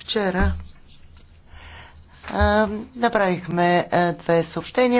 Вчера направихме две съобщения.